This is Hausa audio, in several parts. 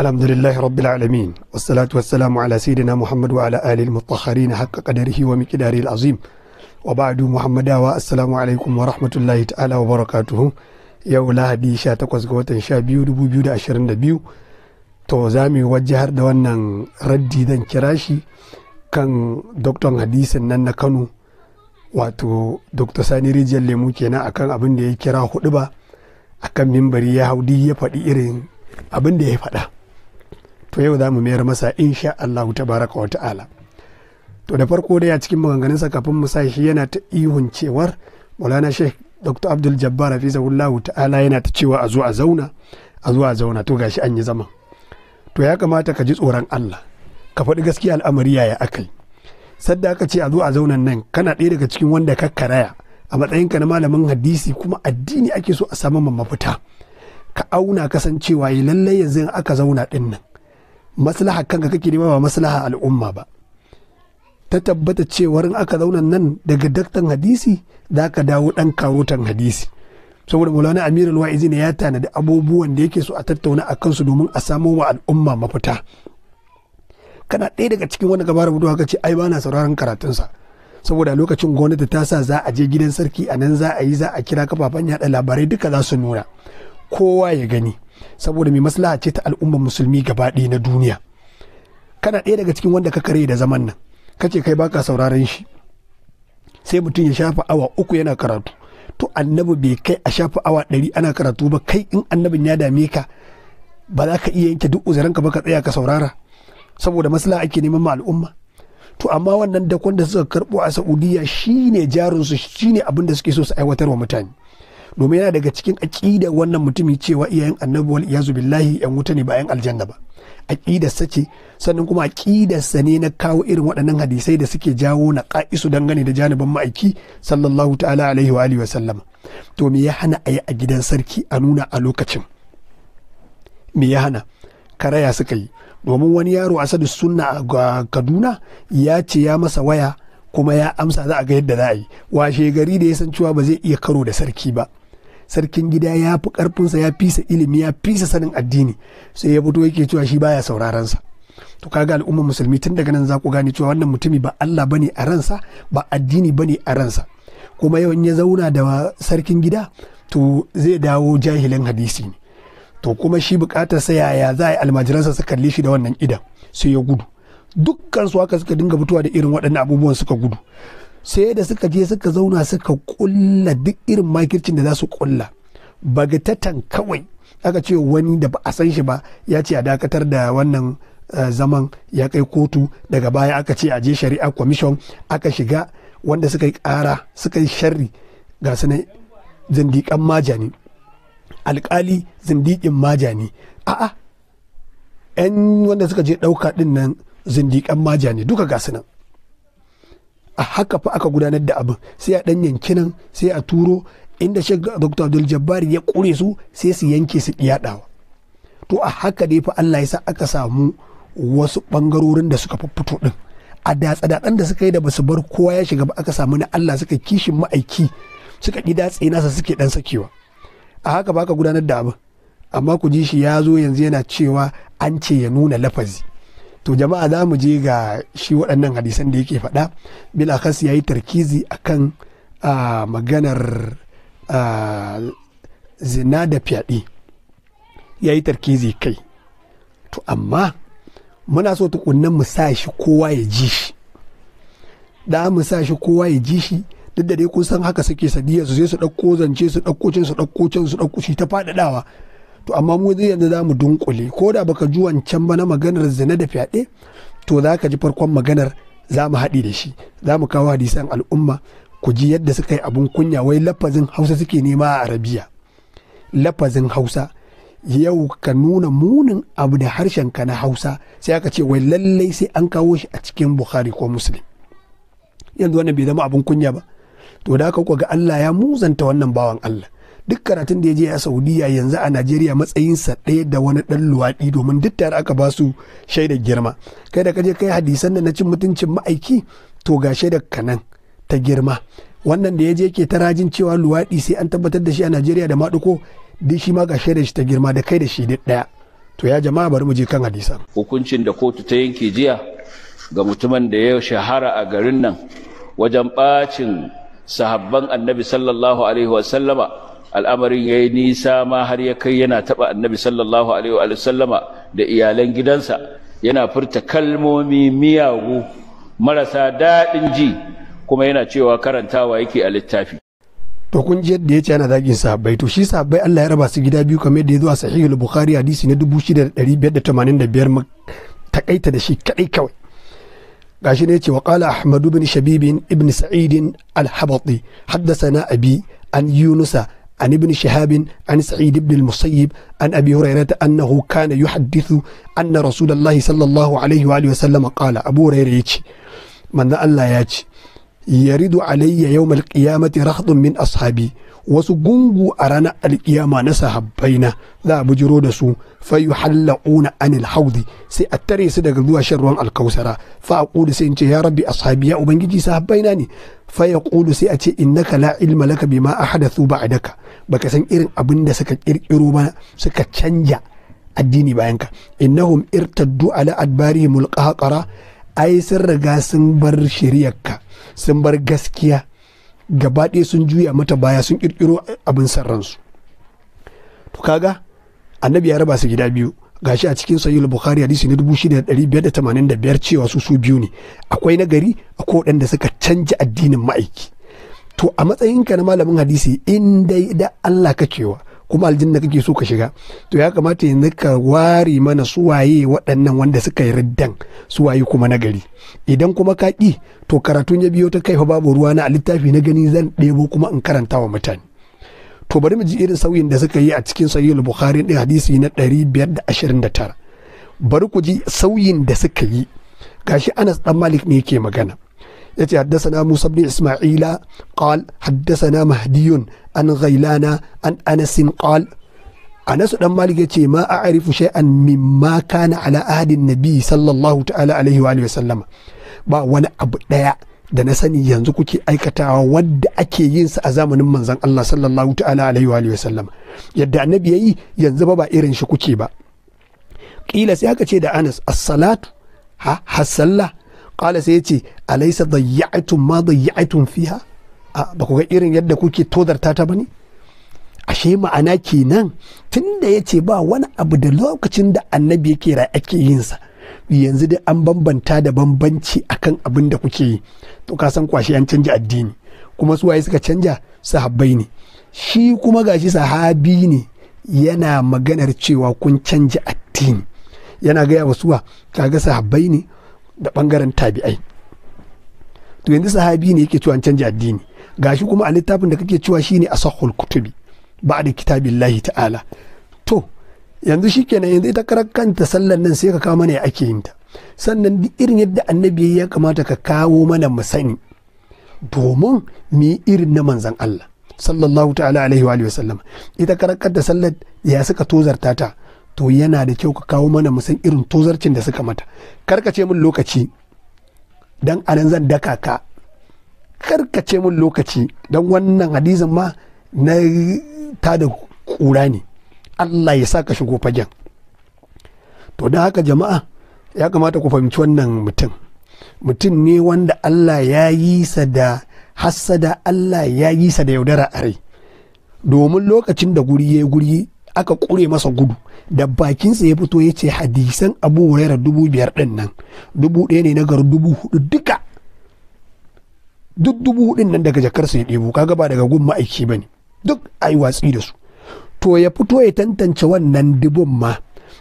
الحمد لله رب العالمين والصلاة والسلام على سيدنا محمد وعلى آله المطهرين حق قدره ومقداره العظيم وبعد محمد السلام wa ورحمة الله تعالى وبركاته yau lahadi 18 ga watan 12 2022 to za mu wajahar da wannan raddi zan kira shi kan doktor hadisin nan na kano wato dr sani rijiyar lemu kenan akan abin da ya kira hudu ba akan mimbari ya hau haudi ya faɗi irin abin da ya faɗa to yau za mu mayar masa insha Allah baraka wa ta'ala to da farko dai a cikin maganganunsa kafin mu shi yana ta ihun cewar Maulana Sheikh Dr. Abdul Jabbar Hafizahullahu ta'ala yana ta cewa a zo a zauna a zo a zauna to gashi an yi zaman to ya kamata ka ji tsoron Allah ka faɗi gaskiya al'amari yaya akai sadda aka ce a zo a zaunan nan kana ɗaya daga cikin wanda ka karaya a matsayinka na malamin hadisi kuma addini ake so a samu mafita ka auna kasancewa eh, lallai yanzu aka zauna ɗin nan maslaha kanka kake nema ba maslaha al'umma ba ta tabbata cewar in aka zauna nan daga daktan hadisi za ka dawo dan karotan hadisi saboda maulana amirul wa'izi ne ya tanadi abubuwan da yake so a tattauna a kansu domin a samo wa al'umma mafita kana ɗaya daga cikin wani gaba rubutu ka ce ai bana sauraron karatunsa saboda lokacin gwamnati ta sa za a je gidan sarki a nan za a yi za a kira kafafen yaɗa labarai duka za su nuna kowa ya gani saboda mai maslaha ce ta al'ummar musulmi gaba ɗaya na duniya kana ɗaya daga cikin wanda ka kare da zaman nan kace kai baka sauraron shi sai mutum ya shafa awa uku yana karatu to annabi bai kai a shafa awa ɗari ana karatu ba kai in annabin ya dame ka ba za ka iya yanke duk uzuranka ba ka tsaya ka saurara saboda maslaha ake neman ma al'umma to amma wannan dakon da suka karbo a saudiya shine jarinsu shine abin da suke so su aiwatar wa mutane domin yana daga cikin aƙida wannan mutumin cewa iyayen annabi wal iyazu billahi yan wuta ne ba yan aljanna ba aƙidarsa ce sannan kuma aƙidarsa ne na kawo irin waɗannan hadisai da suke jawo na ƙa'isu dangane da janibin ma'aiki sallallahu ta'ala alaihi wa wa sallam to me ya hana a yi a gidan sarki a nuna a lokacin me ya hana karaya suka yi domin wani yaro a sadu sunna a kaduna ya ce ya masa waya kuma ya amsa za a ga yadda za a yi washe gari da ya san cewa ba zai iya karo da sarki ba sarkin gida ya fi karfinsa ya fisa ilimi ya fisa sanin addini sai ya fito yake cewa shi baya sauraron sa to kaga al'umma musulmi tun daga nan za ku gane cewa wannan mutumi ba Allah bane a ransa ba addini bane a ransa kuma yawan ya zauna da sarkin gida to zai dawo jahilin hadisi ne to kuma shi bukatar sa yaya za a almajiransa su kalle shi da wannan idan sai ya gudu dukkan su haka suka dinga fitowa da irin waɗannan abubuwan suka gudu sai da suka je suka zauna suka kulla duk irin makircin da za su kulla bagatatan kawai aka ce wani da ba a san shi ba ya ce a dakatar da wannan eh, zaman ya kai kotu daga baya aka ce a je shari'a commission aka shiga wanda suka yi kara suka yi sharri ga su zindikan majani alkali zindikin majani a'a 'yan wanda suka je ɗauka ɗin nan zindikan majani duka ga su nan a haka fa aka gudanar da abin sai a dan yanki nan sai a turo inda shek dr abdul jabbari ya kure su sai su yanke su ɗiyaɗawa to a haka dai fa allah ya sa aka samu wasu bangarorin da suka fito din a datsa-datsan da suka yi da basu bar kowa ya shiga ba aka samu na allah suka kishin ma'aiki suka ɗi datse nasa suke dan sakewa a haka ba ka gudanar da abin amma ku ji shi ya zo yanzu yana cewa an ce ya nuna lafazi to jama'a za mu je ga shi waɗannan hadisan da yake faɗa bilakas ya yi tarkizi a kan maganar zina da fyaɗe ya yi tarkizi kai to amma muna so tukunnan mu sa shi kowa ya ji shi da mu sa shi kowa ya ji shi duk da dai kun san haka suke sadiyar su sai su ɗauko zance su ɗauko cin su ɗauko cin su ɗauko shi ta faɗaɗawa to amma mu zai yanzu za mu dunkule ko da baka ji wancan ba na maganar zina da fyaɗe to za ka ji farkon maganar za mu haɗi da shi za mu kawo hadisan al'umma ku ji yadda suka yi abun kunya wai lafazin hausa suke nema a arabiya lafazin hausa yau ka nuna munin abu da harshen ka na hausa sai aka ce wai lallai sai an kawo shi a cikin bukhari ko muslim yanzu wannan bai zama abun kunya ba to da ka ga Allah ya muzanta wannan bawan Allah duk karatun da ya je a saudiya yanzu a najeriya matsayinsa ɗaya da wani ɗan luwaɗi domin duk tare aka ba su shaidar girma kai da ka je kai hadisan da na cin mutuncin ma'aiki to ga shaidar kanan ta girma wannan da ya je ke ta rajin cewa luwaɗi sai an tabbatar da shi a najeriya da maɗuko duk shi ma ga shaidar shi ta girma da kai da shi duk ɗaya to ya jama'a bari mu je kan hadisan hukuncin da kotu ta yanke jiya ga mutumin da ya shahara a garin nan wajen bacin sahabban annabi sallallahu alaihi wasallama al'amarin ya yi nisa ma har ya kai yana taɓa annabi sallallahu alaihi wa sallama da iyalan gidansa yana furta kalmomi miyagu marasa daɗin ji kuma yana cewa karantawa yake a littafi to kun ji yadda ya ce yana zagin sahabbai to shi sahabbai Allah ya raba su gida biyu kamar yadda ya zo a al bukhari hadisi na 6585 takaita da shi kadai kawai gashi ne ce wa qala ahmadu bin shabibin ibn sa'idin al-habati haddathana abi an yunusa عن ابن شهاب عن سعيد بن المصيب عن أبي هريرة أنه كان يحدث أن رسول الله صلى الله عليه وآله وسلم قال أبو هريرة من الله ياتي يرد علي يوم القيامة رخض من أصحابي wasu gungu a ranar alkiyama na sahabbai na za a bujiro da su fayu halla'una anil haudi sai a tare su daga zuwa shan ruwan alkausara fa a kudu sai in ce ya rabi ashabi ya ubangiji sahabbai na ne fa ya sai a ce innaka la ilma laka bima ahadathu ba'daka baka san irin abin da suka kirkiro ba suka canja addini bayan ka innahum irtaddu ala adbari mulqaqara ai sun riga sun bar shiriyarka sun bar gaskiya gaba ɗaya sun juya mata baya sun kirkiro abin san ransu to kaga annabi ya raba su gida biyu gashi a cikin sahihul bukhari hadisi na 6585 cewa su su biyu ne akwai nagari akwai waɗanda suka canja addinin ma'aiki to a matsayinka na malamin hadisi in dai da Allah ka kakewa kuma aljinna kake so ka shiga to ya kamata yanzu ka ware mana suwaye waɗannan wanda suka yi riddan suwaye kuma na gari idan kuma ka ƙi to karatun ya biyo ta kai fa babu ruwa na a littafi na gani zan ɗebo kuma in karanta wa mutane to bari mu ji irin sauyin da suka yi a cikin sahihul bukhari din hadisi na 529 bari ku ji sauyin da suka yi gashi Anas dan Malik ne yake magana يتي حدثنا موسى بن إسماعيل قال حدثنا مهدي عن غيلانا عن أنس قال أنس بن مالك يتي ما أعرف شيئا مما كان على عهد النبي صلى الله تعالى عليه وآله وسلم ba wani abu ɗaya da na sani yanzu kuke aikatawa wadda ake yin sa a zamanin manzon Allah sallallahu ta'ala alaihi wa alihi wasallam yadda annabi yayi yanzu ba ba irin shi kuke ba kila sai aka ce da Anas as ha hasalla kala sai yace alaysa dayya'tum ma da dayya'tum fiha ba ku ga irin yadda kuke todarta ta ne ashe ma'ana kenan tunda yace ba wani abu da lokacin da annabi ya kera ake yin yanzu dai an bambanta da bambanci akan abin da kuke yi to ka san kwashi an canja addini kuma su waye suka canja sahabbai ne shi kuma gashi sahabi ne yana maganar cewa kun canja addini yana gaya wa suwa kaga sahabbai ne da ɓangaren tabi'ai to yanzu sahabi ne yake cewa canja addini gashi kuma a littafin da kake cewa shine sahul kutubi ba da kitabillahi ta'ala to yanzu shikenan yanzu ita karar kanta sallar nan sai ka kawo mana ya ake yin ta sannan duk irin yadda annabi ya kamata ka kawo mana mu sani domin mu irin na manzan Allah sallallahu ta'ala alaihi wa sallam ita karar kanta sallar ya suka tozarta ta to yana da kyau ka kawo mana musan irin tozarcin da suka mata karkace min lokaci don anan zan daka ka karkace min lokaci don wannan hadisin ma na ta da kura ne Allah ya sa ka shigo fagen to don haka jama'a ya kamata ku fahimci wannan mutum mutum ne wanda Allah ya yi sa da hassada Allah ya yi sa da yaudara a rai domin lokacin da guri ya guri aka ƙure masa gudu da bakinsa ya fito ya ce hadisan abu huraira dubu biyar ɗin nan dubu ɗaya ne na garin dubu hudu duka duk dubu hudun nan daga jakarsa ya ɗebo kaga ba daga gun ma'aiki ba ne duk a yi watsi da su to ya fito ya tantance wannan dubun ma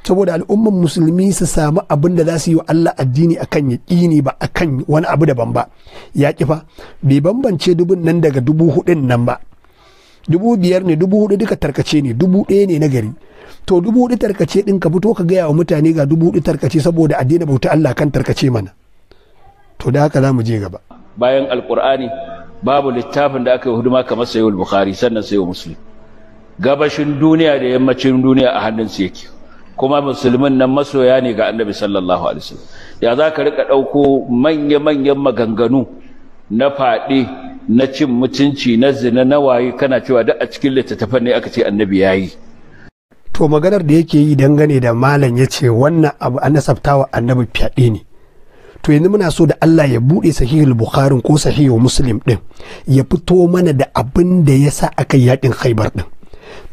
saboda al'umman musulmi su samu abin da za su yi wa Allah addini akan yaƙini ba akan wani abu daban ba ya fa bai bambance dubun nan daga dubu hudun nan ba dubu biyar ne dubu hudu duka tarkace ne dubu ɗaya ne na gari to dubu hudu tarkace din ka fito ka gaya wa mutane ga dubu hudu tarkace saboda a daina bauta Allah kan tarkace mana to da haka zamu je gaba bayan alkur'ani babu littafin da aka yi huduma kamar sayo bukhari sannan sayo muslim gabashin duniya da yammacin duniya a hannun su yake kuma musulmin nan masoya ne ga annabi sallallahu alaihi wasallam ya za ka rika ɗauko manya-manyan maganganu na faɗi na cin mutunci na zina na waye kana cewa duk a cikin littattafan ne aka ce annabi ya yi to maganar da yake yi dangane da malam ya ce wannan abu an nasabtawa annabi fyaɗe ne to yanzu muna so da Allah ya buɗe sahihul bukharin ko sahihul muslim ɗin ya fito mana da abin da ya sa aka yi yaɗin khaibar ɗin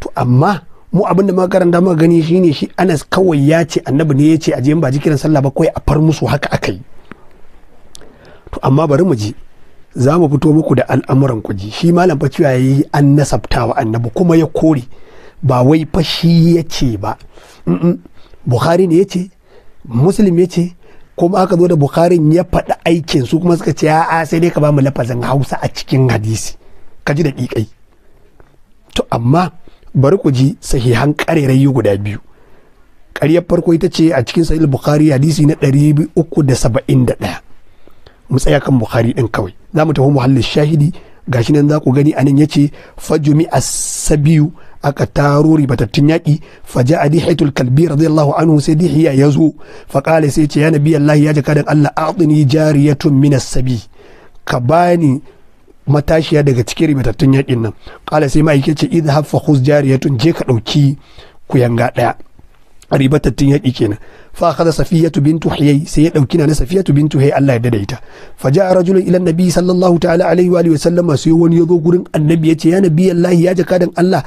to amma mu abin da makaranta muka gani shine shi anas kawai ya ce annabi ne ya ce a je ba ji kiran sallah ba kawai a far musu haka aka yi to amma bari mu je za mu fito muku da al'amuran kuji shi malam fa ya yayi an nasabta wa annabi kuma ya kore ba wai fashi shi ya ce ba buhari ne ya ce muslim ya ce kuma aka zo da bukharin ya faɗi aikin su kuma suka ce a'a sai dai ka ba mu lafazin hausa a cikin hadisi ka ji da ƙiƙai to amma bari ku ji sahihan ƙarerayi guda biyu ƙaryar farko ita ce a cikin sahih bukhari hadisi na da da saba'in ɗaya. mu tsaya kan bukhari din kawai za mu tafi muhallin shahidi gashi nan za ku gani anan yace fajumi asabiyu aka taro ribatattun yaƙi faja a dihaitul kalbi radiyallahu anhu sai dihiya ya zo faƙale sai ce ya nabi allahi ya jaka Allah adini jariyatun minas sabi ka bani matashiya daga cikin ribatattun yaƙin nan ƙala sai ma'aikace idhab fa khuz jariyatun je ka ɗauki yanga ɗaya ribatattun yaƙi kenan fa akhadha safiyatu bintu huyay sai ya dauki na safiyatu bintu huyay Allah ya dada ta fa ja'a rajulun ila nabi sallallahu ta'ala alaihi wa alihi wa sallama sai wani yazo gurin annabi yace ya nabi Allah ya dan Allah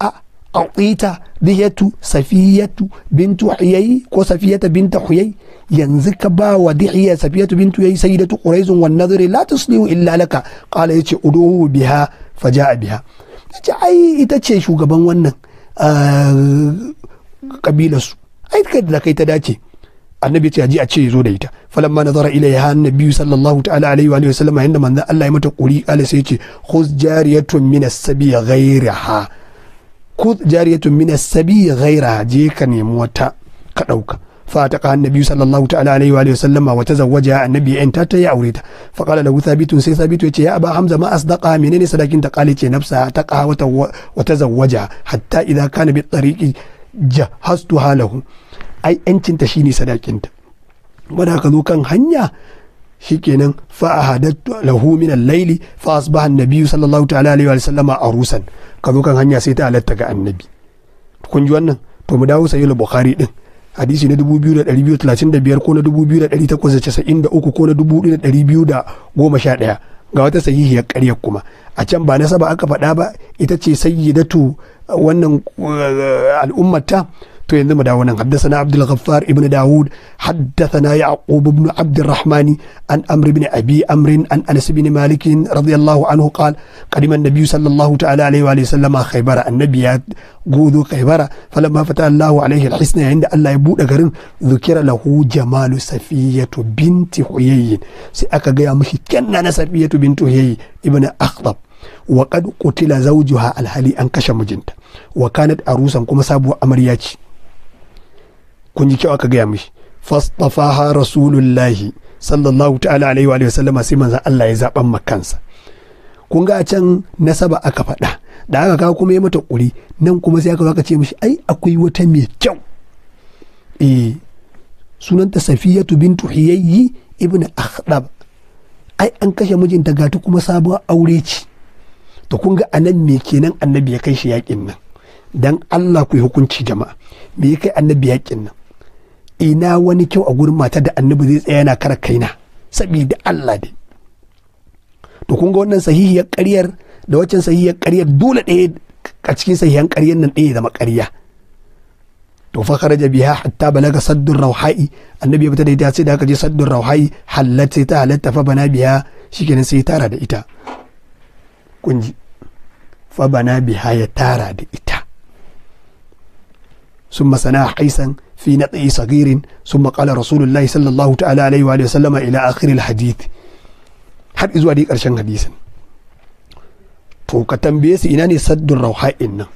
a aqita dihiyatu safiyatu bintu huyay ko safiyata binta huyay yanzu ka ba wa dihiya safiyatu bintu huyay sayyidatu quraizun wan nadri la tuslihu illa laka qala yace uduhu biha fa ja'a biha yace ai ita ce shugaban wannan ah, kabilarsu ai kai da kai ta dace annabi ce aji a ce zo da ita falamma nazara ilaiha annabi sallallahu ta'ala alaihi wa sallam Allah ya mata kuri kala sai ce khuz jariyatun min as-sabi ghayraha khuz jariyatun min as-sabi ghayraha je ka nemi wata ka dauka annabi sallallahu ta'ala alaihi wa sallam wa tazawwaja annabi ta tayi aure ta fa qala lahu thabitun sai thabitu yace ya aba hamza ma asdaqa menene sadakin ta kale ce nafsa ta qawata wa tazawwaja hatta kana bi tariqi jahastu halahu ai yancinta shi ne sadakinta wanda ka zo kan hanya shikenan fa ahadattu lahu min al-layli fa asbaha an-nabiy sallallahu ta'ala alaihi wa sallama arusan ka zo kan hanya sai ta halatta ga annabi kun ji wannan to mu dawo sahih bukhari din hadisi na 2235 ko na 2893 ko na 2211 ga wata sahihiyar ƙaryar kuma a can ba na saba aka faɗa ba ita ce sayyidatu wannan eh, al'ummata to yanzu mu dawo nan na abdul ghaffar ibn daud na yaqub ibn abd الرحمن an amr ibn abi amr an anas ibn malik radiyallahu anhu qal qadima an-nabiy sallallahu ta'ala alayhi wa sallam khaybara an-nabiy gudu khaybara falamma fata allah alayhi al-hisna inda allah ya bude garin zukira lahu jamalu safiyatu binti huyay sai aka ga ya mishi kenna na safiyatu binti huyay ibn akhdab wa kad kutila zawjuha alhali an kashe mijinta wa kanat arusan kuma sabuwar amarya ce kun ji kyau aka gaya mishi fastafaha rasulullahi sallallahu ta'ala alaihi wa sallama sai manzon Allah ya zaban makansa kun ga can nasaba aka faɗa da haka kawo kuma ya mata kuri nan kuma sai aka zo aka ce mishi ai akwai wata mai kyau eh sunanta safiyatu bintu hiyayyi ibnu akhdab ai an kashe mijinta gatu kuma sabuwar aure ce to kun ga anan me kenan annabi ya kai shi yakin nan dan Allah ku yi hukunci jama'a me ya kai annabi yakin nan ina wani kyau a gurin mata da annabi zai tsaya yana kara kaina saboda Allah dai to kun ga wannan sahihiyar ƙaryar da waccan sahihiyar ƙaryar dole ɗaya a cikin sahihan ƙaryar nan ɗaya zama ƙarya to fa kharaja biha hatta balaga saddur rauha'i annabi ya fita da ita sai da aka je saddur rauha'i halatta ta halatta fa bana biha shikenan sai tara da ita kunji fa bana biha ya tara da ita ثم سنا حيسا في نطع صغير ثم sun رسول الله صلى الله تعالى عليه وآله وسلم إلى آخر har izuwa dai ƙarshen hadisin to ka tambaye su ina ne saddun rauha'in nan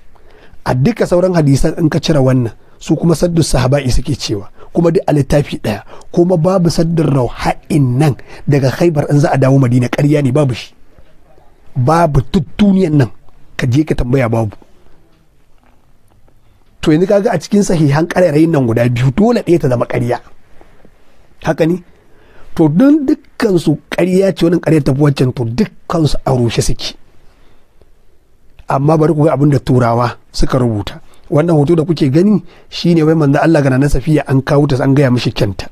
a duka sauran hadisan in ka cire wannan su kuma saddun sahaba'i suke cewa kuma duk a littafi ɗaya kuma babu saddun rauha'in nan daga khaibar in za a dawo madina ƙarya ne babu shi babu duk nan ka je ka tambaya babu to yanzu kaga a cikin sahihan ƙarairayin nan guda biyu dole ɗaya ta zama ƙarya haka ne to don dukkansu ƙarya ce wannan ƙarya ta wancan to dukkansu a rushe suke amma bari ku ga abin da turawa suka rubuta wannan hoto da kuke gani shine wai manzo Allah ga na safiya an kawo ta an gaya mishi kyanta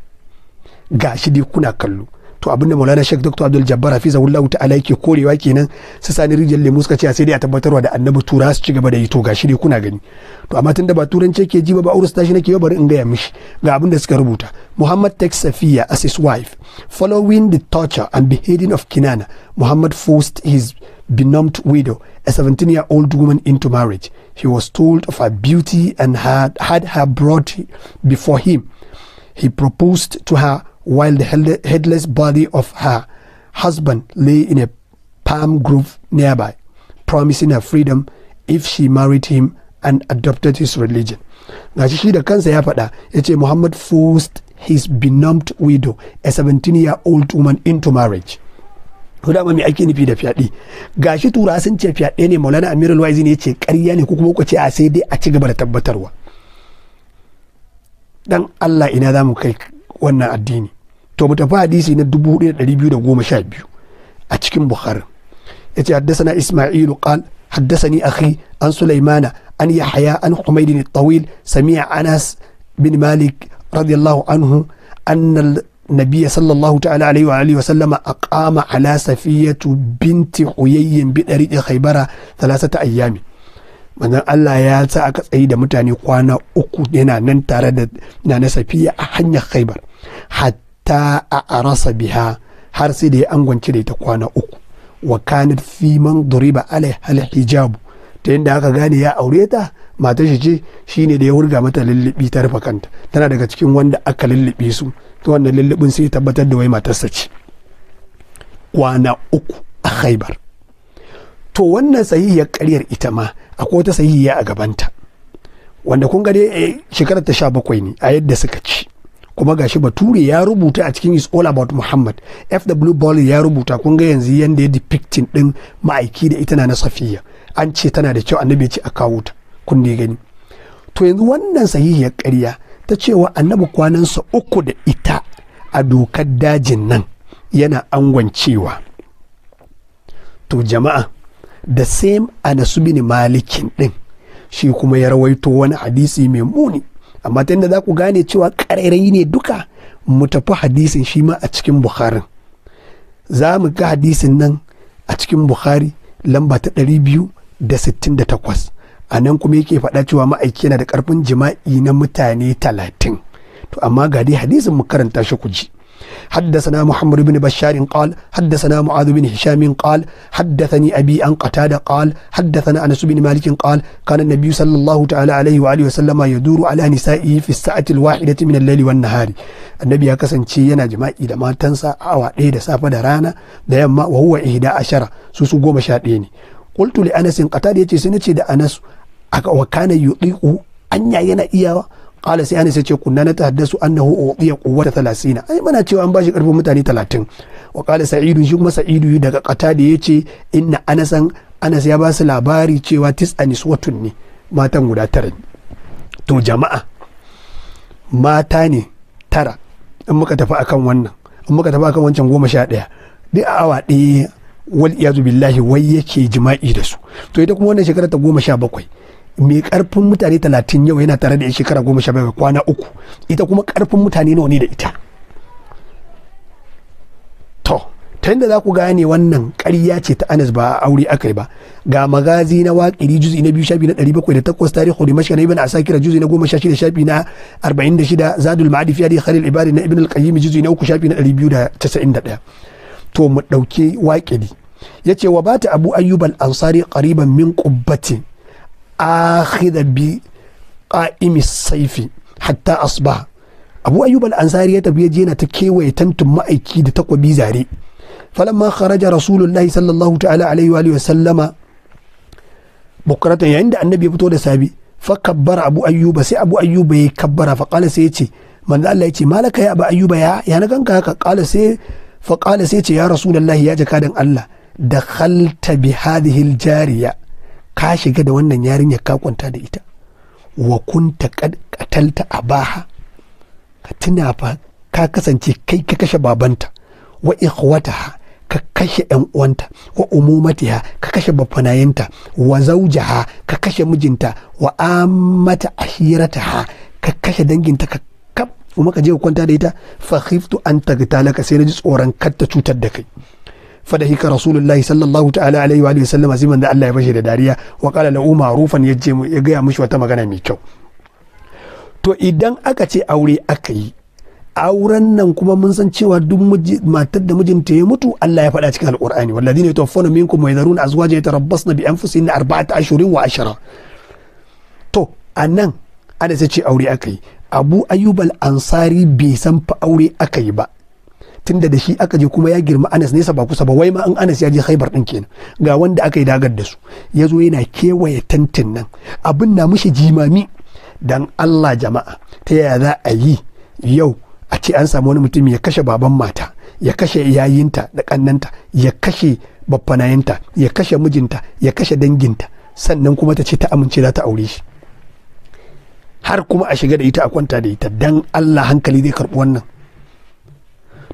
gashi dai kuna kallo to abin da maulana shek dr abdul jabbar hafizahullahu ta'ala yake korewa kenan su sani rijiyar lemu suka ce sai dai a tabbatarwa da annabi tura su ci gaba da yi to gashi dai kuna gani to amma da ba turanci ke ji ba ba urus tashi nake bari in gaya mishi ga abin da suka rubuta muhammad takes safiya as his wife following the torture and beheading of kinana muhammad forced his benumbed widow, a 17 year old woman, into marriage. He was told of her beauty and had, had her brought before him. He proposed to her while the headless body of her husband lay in a palm grove nearby, promising her freedom if she married him and adopted his religion. Na shi da kansa ya faɗa ya ce Muhammad forced his benumbed widow, a 17-year-old woman into marriage. to dama me ake nufi da fyaɗe gashi tura sun ce fyaɗe ne maulana amirul Alwazi ne ce ƙarya ne ko kuma ku a sai dai a ci gaba da tabbatarwa dan allah ina zamu kai wannan addini to mu tafi hadisi na 1212 a cikin bukhari yace haddasa isma'ilu qal haddasa akhi an سليمان an يحيى عن حميد الطويل tawil samiya anas bin malik radiyallahu anhu أن النبي صلى الله تعالى عليه وآله وسلم أقام على سفية بنت حيي بأريد خيبرة ثلاثة أيام manzon Allah ya sa aka tsayi da mutane kwana uku yana nan tare da na safiya a hanyar khaibar hatta a arasa biha har sai da ya angwance da ita kwana uku wa kanat fi man duriba alai hijabu ta yadda aka gane ya aure ta mata shi ce shine da ya wurga mata lullubi ta rufe kanta tana daga cikin wanda aka lullube su ta wannan lullubin sai tabbatar da wai matarsa ce kwana uku a haibar to wannan sahihiyar karyar ita ma akwai wata sahihiya a gabanta wanda kun ga eh, shekarar ta sha bakwai ne a yadda suka ci kuma gashi bature ya rubuta a cikin is all about muhammad fw ball ya rubuta kun ga yanzu yanda ya depicting din ma'aiki da ita na safiya an ce tana da kyau annabi ce a kawo ta kun da gani to yanzu wannan sahihiyar ƙarya ta cewa annabi kwanansa uku da ita a dokar dajin nan yana angwancewa to jama'a da same anasu malikin din shi kuma ya rawaito wani hadisi mai muni amma ta yadda za ku gane cewa ƙarairayi ne duka mu tafi hadisin shi ma a cikin bukharin za mu ga hadisin nan a cikin bukhari lamba ta 268 a nan kuma yake faɗa cewa ma'aiki yana da ƙarfin jima'i na mutane talatin to amma ga dai hadisin mu karanta shi ku ji حدثنا محمد بن بشار قال حدثنا معاذ بن هشام قال حدثني أبي عن قتادة قال حدثنا أنس بن مالك قال كان النبي صلى الله تعالى عليه وآله وسلم يدور على نسائه في الساعة الواحدة من الليل والنهار النبي ya kasance yana jima'i da matansa awa ɗaya da safe da rana da yamma wa huwa ihda ashara su su goma sha ɗaya ne qultu li anas qatada yace sai nace da anas aka wa kana yudiqu anya yana iyawa kala sai anas ce kunna na tahaddasu annahu uqiya quwwata 30 ai muna cewa an bashi karfin mutane talatin wa kala sa'idu shi kuma sa'idu daga ya ce inna anasan anas ya ba su labari cewa tis'anis watun ne matan guda tara to jama'a mata ne tara in muka tafi akan wannan in muka tafi akan wancan goma sha ɗaya duk a awa ɗaya wal iyazu billahi wai yake jima'i da su to ita kuma wannan shekara ta goma sha bakwai mai karfin mutane talatin yau yana tare da ya shekara goma sha bakwai kwana uku ita kuma karfin mutane nawa ne da ita to ta yadda za ku gane wannan ƙarya ce ta anas ba aure aka yi ba ga magazi na waƙiri juzi na biyu shafi na ɗari bakwai da takwas tarihi hudu mashi na ibn asakira juzi na goma sha shida shafi na arba'in da shida zadul ma'adi fiye da khalil ibadi na ibn al-qayyim juzi na uku shafi na ɗari biyu da casa'in da ɗaya to mu ɗauki wakili. ya ce wa bata abu ayyubal ansari kariban min qubbatin akhidha bi qa'imi saifi hatta asbaha abu ayyub al-ansari ya tafi yana ta kewaye tantin ma'aiki da takobi zare falamma kharaja rasulullahi sallallahu ta'ala alaihi wa sallama bukratan yayin da annabi ya fito da sabi fa kabbara abu ayyuba sai abu ayyuba ya kabbara fa qala sai yace ce manzo Allah ya malaka ya abu ayyuba ya ya na ganka haka qala sai fa qala sai ya ce ya rasulullahi ya jaka jakadan Allah dakhalta bi hadhihi al-jariya ka shiga da wannan yarinya ka kwanta da ita wa kunta katalta a baha ka tuna fa ka kasance kai ka kashe babanta wa ha ka kashe yan uwanta wa umumatiha ka kashe bafanayenta wa zaujaha ka kashe mijinta wa ammata ashirataha ka kashe danginta ka kuma ka je ka kwanta da ita fa khiftu an tagtalaka sai na ji tsoron kar ta cutar da kai fadahika rasulullahi sallallahu ta'ala alaihi wa sallama sai da Allah ya bashi da dariya wa qala lahu ya gaya mishi wata magana mai kyau to idan aka ce aure aka yi auren nan kuma mun san cewa duk matar da mijinta ya mutu Allah ya faɗa cikin alƙur'ani walladina yatawaffawna minkum wa yadharuna azwaja yatarabbasna bi anfusihin arba'ata ashhurin wa ashara to anan ana sai ce aure aka yi abu ayyubal ansari bai san fa aure aka yi ba tunda da shi aka je kuma ya girma Anas nesa ba kusa ba wai ma an Anas ya je haibar din kenan ga wanda aka yi dagar da su ya zo yana kewaye tantin nan abin na mushi jimami dan Allah jama'a ta yaya za a yi yau a ce an samu wani mutum ya kashe baban mata ya kashe yayinta da kannanta ya kashe baffanayinta ya kashe mijinta ya kashe danginta sannan kuma ta ce ta amince za ta aure shi har kuma a shiga da ita a kwanta da ita dan Allah hankali zai karɓi wannan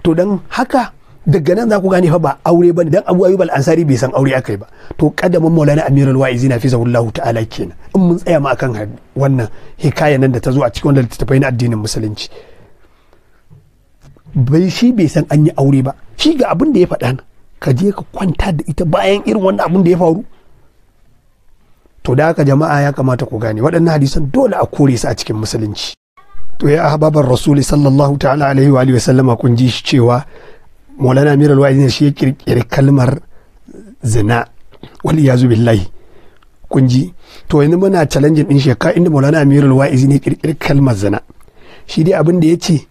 to dan haka daga nan za ku gane fa ba aure bane dan Abu Ayyub al-Ansari bai san aure akai ba to kadamin Maulana Amirul Wa'izi na fizahullahu ta'ala kenan in mun tsaya ma akan wannan hikaya nan da ta zo a cikin wannan littattafai na addinin musulunci bai shi bai san an yi aure ba shi ga abin da ya faɗa ka je ka kwanta da ita bayan irin wannan abin da ya faru to da haka jama'a ya kamata ku gane waɗannan hadisan dole a kore su a cikin musulunci to ya ahbabar rasuli sallallahu ta'ala alaihi wa alihi sallama kun ji shi cewa maulana amir ne shi ya kirkiri kalmar zina wal iyazu billahi kun ji to yanzu muna challenging din shekara inda maulana amir alwa'izin ya kirkiri kalmar zina shi dai abin da ya ce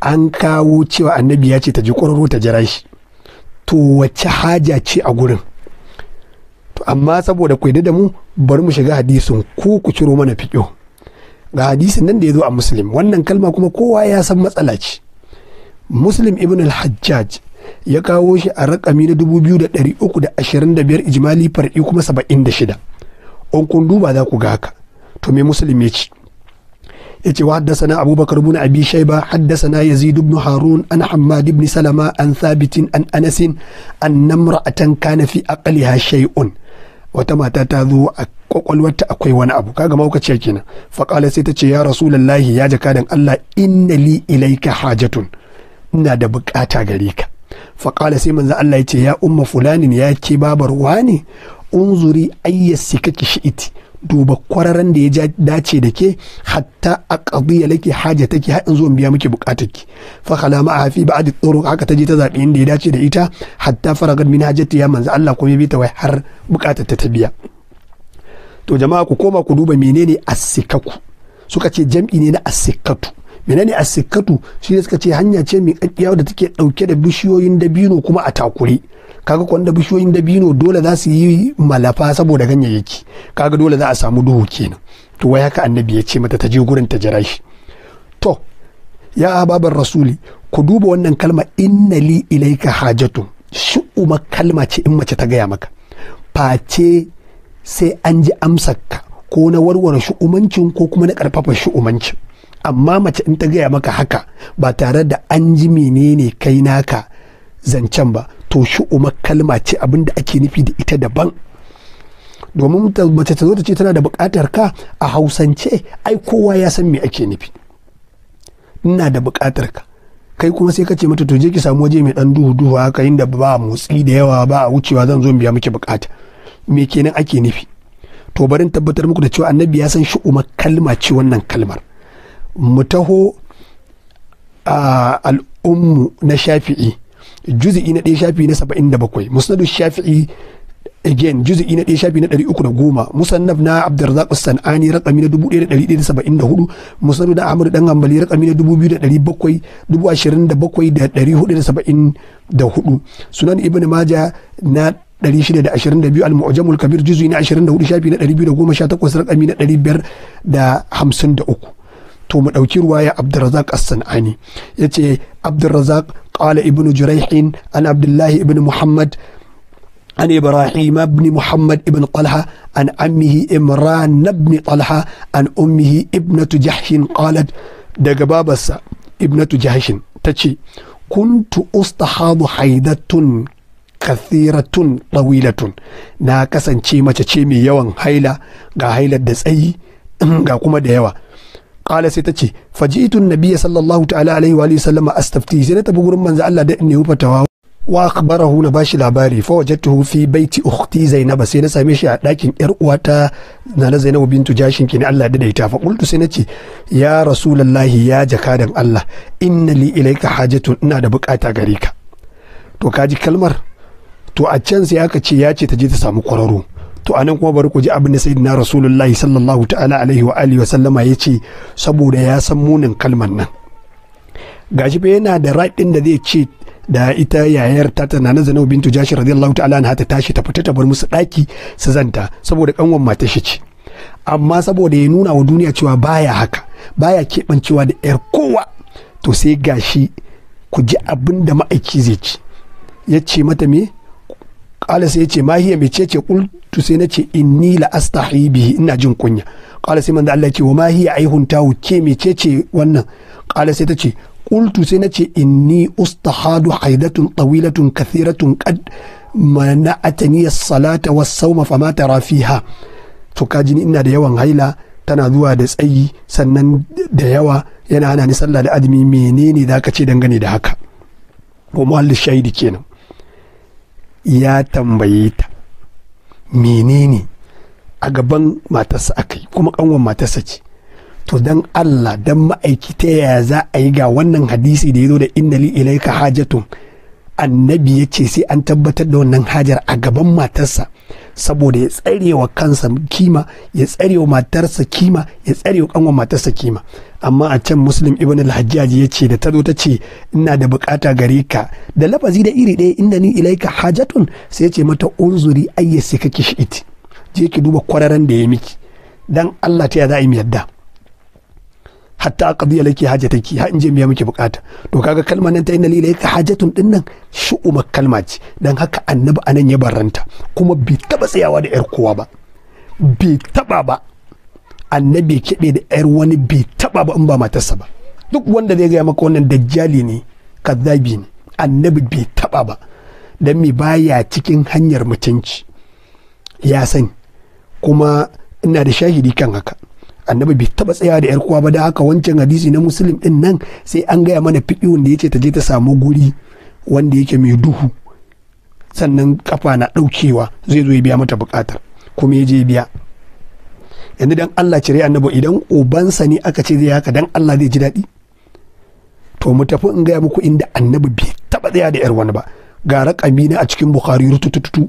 an kawo cewa annabi ya ce ta ji ƙwararro ta jira shi to wacce haja ce a gurin to amma saboda ku da mu bari mu shiga hadisin ku ku ciro mana fiƙo ga hadisin nan da ya zo a muslim wannan kalma kuma kowa ya san matsala ce muslim ibn al-hajjaj ya kawo shi a rakami na 2325 ijmali far'i kuma 76 on kun duba za ku ga haka to me muslim ya ce ya ce wa haddasana abubakar bin abi shaiba haddasana yazid ibn harun an hammad ibn salama an thabitin an anasin an namra namra'atan kana fi aqliha shay'un wata mata ta zo a kwakwalwarta akwai wani abu kaga mahaukaciya kenan faƙala sai ta ce ya rasulallahi ya jaka jakadan Allah inna li ilaika hajatun ina da buƙata gare ka faƙala sai manzo Allah ya ce ya umma fulanin ya ke babar wani unzuri ayyasi kake shi'iti duba kwararan da ya dace da ke hatta a ya lake haja take har in zo biya muke buƙatar ki fa khala ma hafi ba adi tsoro haka ta je ta zaɓi inda ya dace da ita hatta faragar min ta ya manzo Allah kuma ya bi ta wai har buƙatar ta ta biya to jama'a ku koma ku duba menene asikaku sikaku suka ce jam'i ne na as menene as-sikatu shi ne suka ce hanya ce mai ƙaƙƙiyawa da take ɗauke da bishiyoyin dabino kuma a takure kaga kwanda bishiyoyin dabino dole za su yi malafa saboda ganyayyaki kaga dole za a samu duhu kenan to wai haka annabi ya ce mata ta je gurin ta jira shi to ya ababar rasuli ku duba wannan kalma inna li ilaika hajatu shi'uma kalma ce in mace ta gaya maka face sai an ji amsarka ko na warware umancin ko kuma na karfafa shi umancin amma mace in ta gaya maka haka ba tare da an ji menene kai naka zancen ba to shu'umar kalma ce abin da ake nufi da ita daban domin mace ta zo ta ce tana da buƙatar ka a hausance ai kowa ya san me ake nufi ina da buƙatar ka kai kuma sai ka ce mata to je ki samu waje mai dan duhu duhu haka inda ba motsi da yawa ba a wucewa zan zo biya miki buƙata me kenan ake nufi to barin tabbatar muku da cewa annabi ya san shu'umar kalma ce wannan kalmar mu taho a al'ummu na shafi'i juzi'i na ɗaya shafi na saba'in da bakwai musnadu shafi'i again juzi'i na ɗaya shafi na ɗari uku da goma musannaf na abdurrazak san'ani rakami na dubu ɗaya da ɗari ɗaya da saba'in da hudu musnadu na ahmadu ɗan hambali rakami na dubu biyu da ɗari bakwai dubu ashirin da bakwai da ɗari hudu da saba'in da hudu sunan ibn maja na ɗari shida da ashirin da biyu almu'ajamul kabir juzi'i na ashirin da hudu shafi na ɗari biyu da goma sha takwas rakami na ɗari biyar da hamsin da uku to mu ɗauki ruwaya abdurrazak as-san'ani yace abdurrazak ƙala ibnu an abdullahi ibnu muhammad an ibrahim abni muhammad ibn qalha an ammihi imran ibn qalha an ummihi ibnatu jahshin qalat daga babarsa ibnatu jahshin tace kuntu ustahadu haidatun kathiratun tawilatun na kasance mace ce mai yawan haila ga hailar da tsayi ga kuma da yawa kala sai faji itun na biya sallallahu ta'ala alaihi wa alihi sallama astafti sai na tafi gurin manzo Allah da in hufa wawa. wa akhbarahu na shi labari fa wajen wajadtuhu bai baiti ukhti zainaba sai na same shi a dakin yar uwata na zainabu bintu jashin na Allah da daita fa qultu sai na ce ya rasulullahi ya jakadan Allah inna li ilayka hajatun ina da bukata gare ka to ji kalmar to a can sai aka ce ya ce ta je ta samu kwararru to anan kuma bari ku ji abin da sayyidina rasulullahi sallallahu ta'ala alaihi wa alihi wa sallama yace saboda ya san munin kalmar nan gashi fa yana da right da zai ce da ita yayar ta tana na zanau bintu jashi radiyallahu ta'ala anha ta tashi ta fita ta bar musu daki su zanta saboda kanwan mata shi ce amma saboda ya nuna wa duniya cewa baya haka baya keɓancewa da yar kowa to sai gashi ku ji abin da ma'aiki zai ci ya ce mata me qala sai yace mahiya mecece qultu sai nace inni la astahi bihi ina jin kunya qala sai manzo Allah yace wa mahiya aihun tawu ke mecece wannan qala sai tace qultu sai nace inni ustahadu haidatun tawilatun kathiratun qad atani as-salata was-sawma fama tara fiha to kaji ni ina da yawan haila tana zuwa da tsayi sannan da yawa yana hana ni sallah da azumi menene zaka ce dangane da haka ko muhallin kenan ya tambaye ta menene a gaban matarsa aka yi kuma kanwan matarsa ce to dan Allah dan ma'aikita ta yaya za a yi ga wannan hadisi da ya zo da innali ilaika hajatun annabi ya ce sai an tabbatar da wannan hajar a gaban matarsa saboda ya tsarewa kansa kima ya tsarewa matarsa kima ya tsarewa wa kanwa matarsa kima amma a can muslim ibn al-hajjaji ya ce da ta zo ta ce ina da bukata gare ka da lafazi da iri ɗaya inda ni ilaika hajatun sai ya ce mata unzuri sai kake iti je ki duba kwararan da ya miki dan Allah ta ya za a yi yadda hatta a aqdi laki hajataki ha in je miya muke bukata to kaga kalmar nan ta inna lilayka hajatun din nan shu'uma kalma ce dan haka annabi anan ya barranta kuma bai taba tsayawa da yar kowa ba bai taba ba annabi ya kebe da yar wani bai taɓa ba in ba matarsa ba duk wanda zai gaya maka wannan dajjali ne kazzabi ne annabi bai taɓa ba dan mi baya cikin hanyar mutunci ya sani kuma ina da shahidi kan haka annabi bai taba tsaya da yar kuwa ba da haka wancan hadisi na musulim din nan sai an gaya mana fiɗi wanda ya ce ta je ta samu guri wanda yake mai duhu sannan kafa na ɗaukewa zai zo ya biya mata buƙatar kuma ya je biya yanzu dan Allah cire annabi idan ubansa ne aka ce zai haka dan Allah zai ji daɗi to mu tafi in gaya muku inda annabi bai taba tsaya da yar wani ba gara raƙami na a cikin bukhari rututututu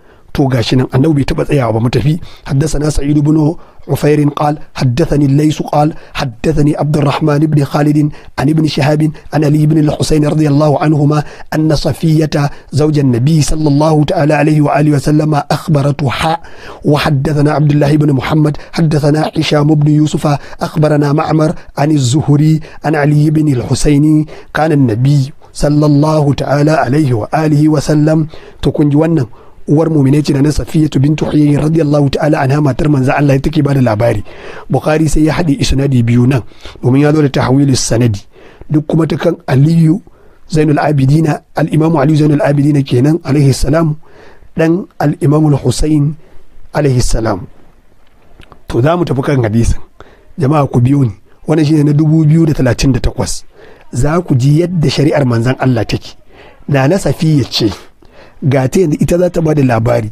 تو غاشي نان انو بي taba tsayawa ba mu tafi haddathana عفير قال حدثني الليث قال حدثني عبد الرحمن بن خالد عن ابن شهاب عن علي بن الحسين رضي الله عنهما أن صفية زوج النبي صلى الله تعالى عليه وآله وسلم أخبرته حاء وحدثنا عبد الله بن محمد حدثنا هشام بن يوسف أخبرنا معمر عن الزهري عن علي بن الحسين كان النبي صلى الله تعالى عليه وآله وسلم تكون جوانا uwar mumine ce na safiyatu bin huyayyin radiyallahu ta'ala anha matar manza Allah ya take bada labari bukhari sai ya haɗe isnadi biyu nan domin ya zo da tahwilu sanadi duk kuma ta kan aliyu zainul abidina al aliyu zainul abidina kenan alaihi salam dan al-imamu alaihi salam to za mu tafi kan hadisin jama'a ku biyo ni wannan shine na dubu biyu da da talatin takwas za ku ji yadda shari'ar manzan Allah take na na safiya ce gata yanzu ita za ta ba da labari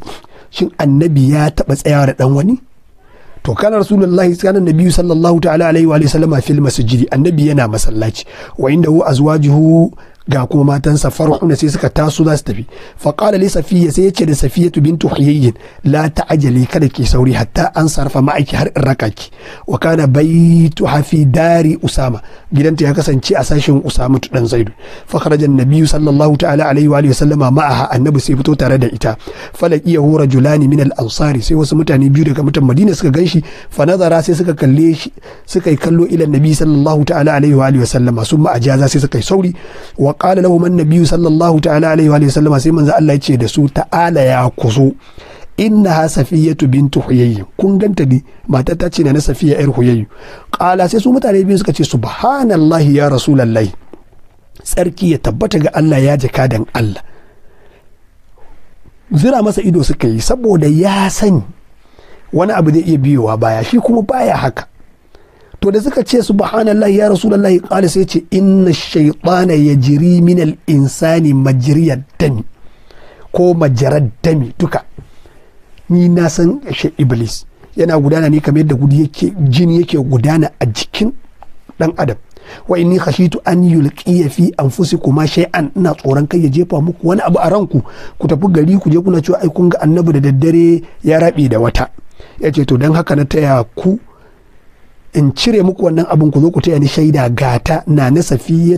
shin annabi ya taɓa tsayawa da ɗan wani to kana rasulullahi kana nabi sallallahu ta'ala alaihi wa sallama fil masjidi annabi yana masallaci wa inda hu azwajuhu ga kuma matansa ne sai suka taso za su tafi faqala li safiya sai yace da safiyatu bintu huyayyin la ta'jali kada ki sauri hatta an sarfa ma'aiki har in raka ki wa kana baytu hafi dari usama gidanta ya kasance a sashin usama tu dan zaidu fa kharaja an sallallahu ta'ala alaihi wa alihi sallama ma'aha annabi sai fito tare da ita falaqiyahu rajulani min al-ansari sai wasu mutane biyu daga mutan madina suka ganshi fa nazara sai suka kalle shi suka yi kallo ila nabi sallallahu ta'ala alaihi wa alihi sallama summa ajaza sai suka yi sauri wa qala lahum annabiyyu sallallahu ta'ala alaihi wa sallama sai manzo Allah ya ce da su ta'ala ya kusu ha safiyatu bintu huyayyi kun ganta ne mata ta ce na safiya yar huyayyi qala sai su mutane biyu suka ce subhanallahi ya rasulullahi tsarki ya tabbata ga Allah ya jaka dan Allah zira masa ido suka yi saboda ya sani wani abu zai iya biyowa baya shi kuma baya haka to da suka ce subhanallahi ya rasulallah qala sai ce inna shaytana ya jiri al-insani majriyad dami ko majarad dami duka ni na san shi iblis yana gudana ne kamar yadda gudu yake jini yake gudana a jikin dan adam wa inni khashitu an yulqiya fi anfusikum shay'an ina tsoron kai ya jefa muku wani abu a ranku ku tafi gari ku je kuna cewa ai kun ga annabi da daddare ya rabi da wata yace to dan haka na taya ku in cire muku wannan abin ku zo ku taya ni shaida gata na na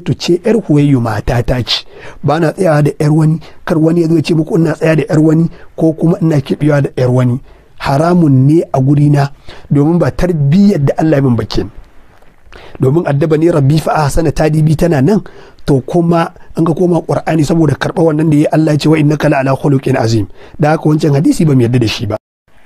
tu ce yar huwayyu mata ta ci ba na tsayawa da yar wani kar wani ya zo ya ce muku ina tsaya da yar wani ko kuma ina kibiya da yar wani haramun ne a guri na domin ba tarbiyyar da Allah ya min bakin domin addaba ne rabbi fa ahsana tadibi tana nan to kuma an ga koma qur'ani saboda karba wannan da ya Allah ya ce wa innaka la ala khuluqin azim da haka wancan hadisi ba mu yarda da shi ba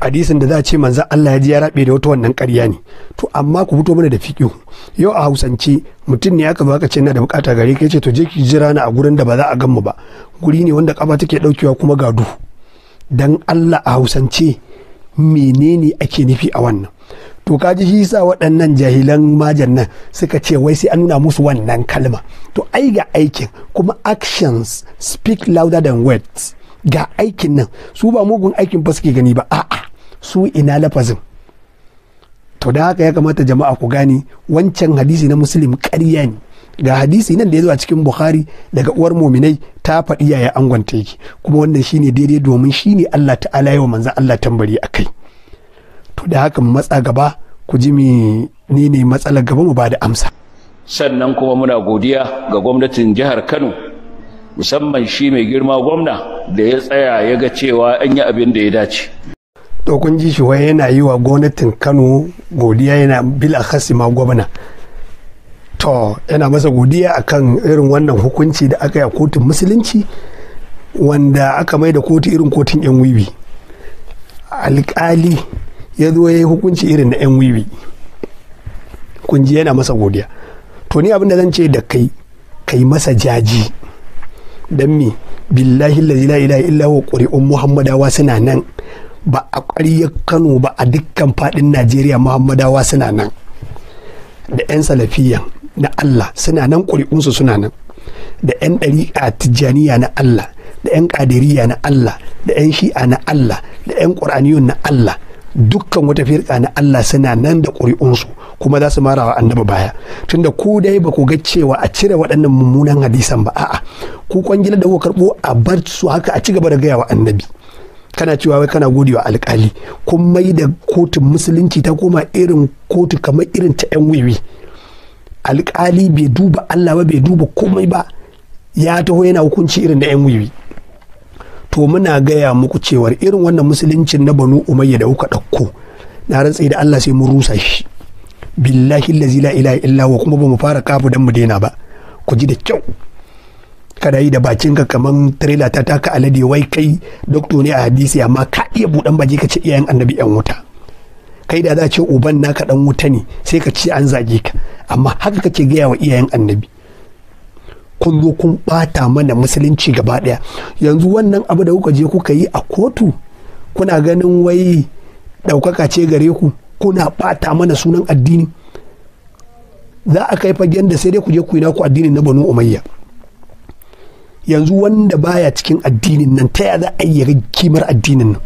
hadisin da za a ce manzo Allah ya ji ya rabe da wata wannan ƙarya ne to amma ku fito mana da fiƙo yau a hausance mutum ne aka zo aka ce na da bukata gare ka ce to je ki jira na a gurin da ba za a gan mu ba guri ne wanda kafa take daukewa kuma ga duhu dan Allah a hausance menene ake nufi a wannan to ka ji shi sa waɗannan jahilan majan nan suka ce wai sai an nuna musu wannan kalma to ai ga aikin kuma actions speak louder than words ga aikin nan su ba mugun aikin ba suke gani ba a'a su ina lafazin to da haka ya kamata jama'a ku gani wancan hadisi na muslim karya ne ga hadisi nan da ya zo a cikin bukhari daga uwar muminai ta faɗi yaya angonta yake kuma wannan shine daidai domin shine allah ta'ala yawa manzan allah tambari a kai to da haka mu matsa gaba ku ji ne ne matsalar gaba mu ba da amsa sannan kuma muna godiya ga gwamnatin jihar kano musamman shi mai girma gwamna da ya tsaya ya ga cewa an yi abin da ya dace to kun ji wai yana yi wa gwamnatin kano godiya yana bil akhasi ma gwamna to yana masa godiya akan irin wannan hukunci da aka yi a kotun musulunci wanda aka mai da kotu irin kotun yan wiwi alkali ya zo ya yi hukunci irin na yan wiwi kun yana masa godiya to ni abin da zan ce da kai kai masa jaji dan me billahi la ilaha illa huwa qur'an muhammadawa suna nan ba a ƙwariyar kano ba a dukkan faɗin najeriya muhammadawa suna nan da 'yan salafiyan na allah suna nan ƙuri'unsu suna nan da 'yan ɗariƙa tijjaniya na allah da 'yan ƙadiriya na allah da 'yan shi'a na allah da 'yan ƙur'aniyun na allah dukkan wata firka na Allah suna nan da ƙuri'unsu kuma za su marawa annabi baya tunda ko dai ba ku ga cewa a cire waɗannan mummunan hadisan ba a'a ku kwangila da kuka karɓo a bar su haka a ci gaba da gaya wa annabi kana cewa wai kana wa alkali kun mai da kotun musulunci ta koma irin kotu kamar irin ta yan wiwi alkali bai duba Allah ba bai duba komai ba ya taho yana hukunci irin na yan wiwi to muna gaya muku cewar irin wannan musuluncin na banu umayya da kuka ɗauko na rantse da Allah sai mun rusa shi billahi la ilaha kuma ba fara kafu dan mu daina ba ku ji da kyau kada yi da bakinka kamar trailer ta taka alade wai kai doctor ne a hadisi amma ka iya buɗan baje ka ce iyayen annabi yan wuta kai da za ce uban naka dan wuta ne sai ka ce an zage ka amma haka kake gaya wa iyayen annabi kun zo kun bata mana musulunci gaba daya yanzu wannan abu da kuka je kuka yi a kotu kuna ganin wai ɗaukaka ce gare ku kuna bata mana sunan addini za a kai fagen da sai dai ku je ku yi naku addinin na banu umayya yanzu wanda baya cikin addinin nan ta za a yi kimar addinin nan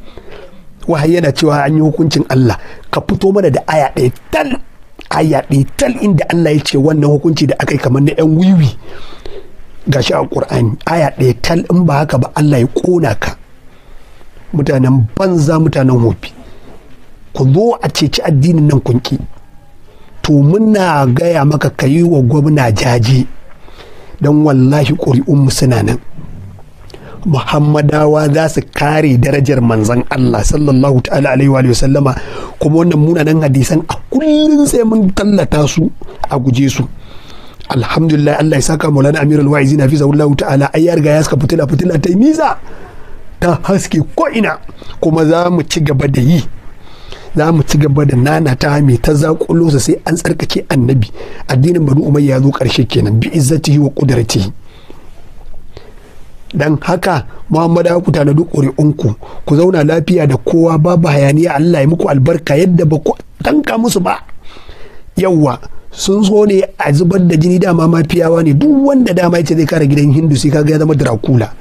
wahayi yana cewa an yi hukuncin Allah ka fito mana da aya ɗaya tal aya ɗaya tal inda Allah ya ce wannan hukunci da aka yi kamar na 'yan wiwi gashi a ƙur'ani aya ɗaya tal in ba haka ba Allah ya ƙona ka mutanen banza mutanen hofi ku zo a ceci addinin nan kunki to muna gaya maka kayi wa gwamna jaje don wallahi ƙuri'unmu suna nan muhammadawa za su kare darajar manzan Allah sallallahu ta'ala alaihi wa sallama kuma wannan munanan hadisan a kullum sai mun tallata su a guje su alhamdulillah Allah ya saka maulana amirul wa'izi na fiza wallahu ta'ala ai ya riga ya saka fitila fitila ta nisa ta haske ko ina kuma za mu ci gaba da yi za mu ci gaba da nana ta mai ta zakulo sai an tsarkake annabi addinin banu umar ya zo ƙarshe kenan bi yi wa qudratihi dan haka muhammad ku duk ƙuri'unku ku zauna lafiya da kowa babu hayaniya allah ya muku albarka yadda ba ku tanka musu ba yawwa sun so ne a zubar da jini dama mafiyawa ne duk wanda dama ya ce zai kare gidan hindu sai kaga ya zama drakula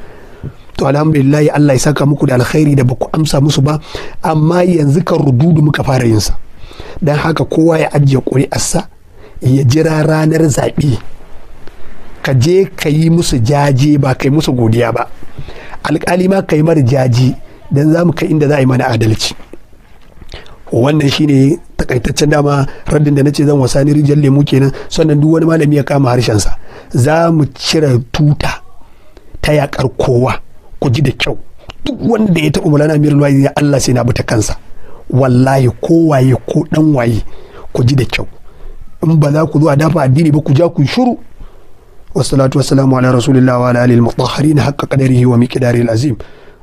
to alhamdulillah Allah ya saka muku da alkhairi da baku amsa musu ba amma yanzu kan rududu muka fara yin sa dan haka kowa ya ajiye ƙuri'arsa ya jira ranar zaɓe ka je ka yi musu jaje ba ka musu godiya ba alƙali ma ka yi mara jaje dan za mu kai inda za a yi mana adalci wannan shine takaitaccen dama raddin da nace zan wasa ni rijiyar lemu kenan sannan duk wani malami ya kama sa za mu cire tuta ta yakar kowa ku ji da kyau duk wanda ya taɓa mulana amirul wayi ya Allah sai na bi kansa wallahi ko waye ko dan waye ku ji da kyau in ba za ku zo a dafa addini ba ku ja ku shuru wasalatu wasalamu ala rasulillah wa ala alihi al-mutahharin haqqa qadarihi wa miqdarihi al-azim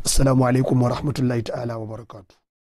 assalamu alaikum wa rahmatullahi ta'ala wa barakatuh